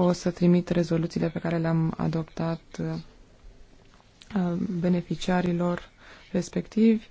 o să trimit rezoluțiile pe care le-am adoptat uh, beneficiarilor respectivi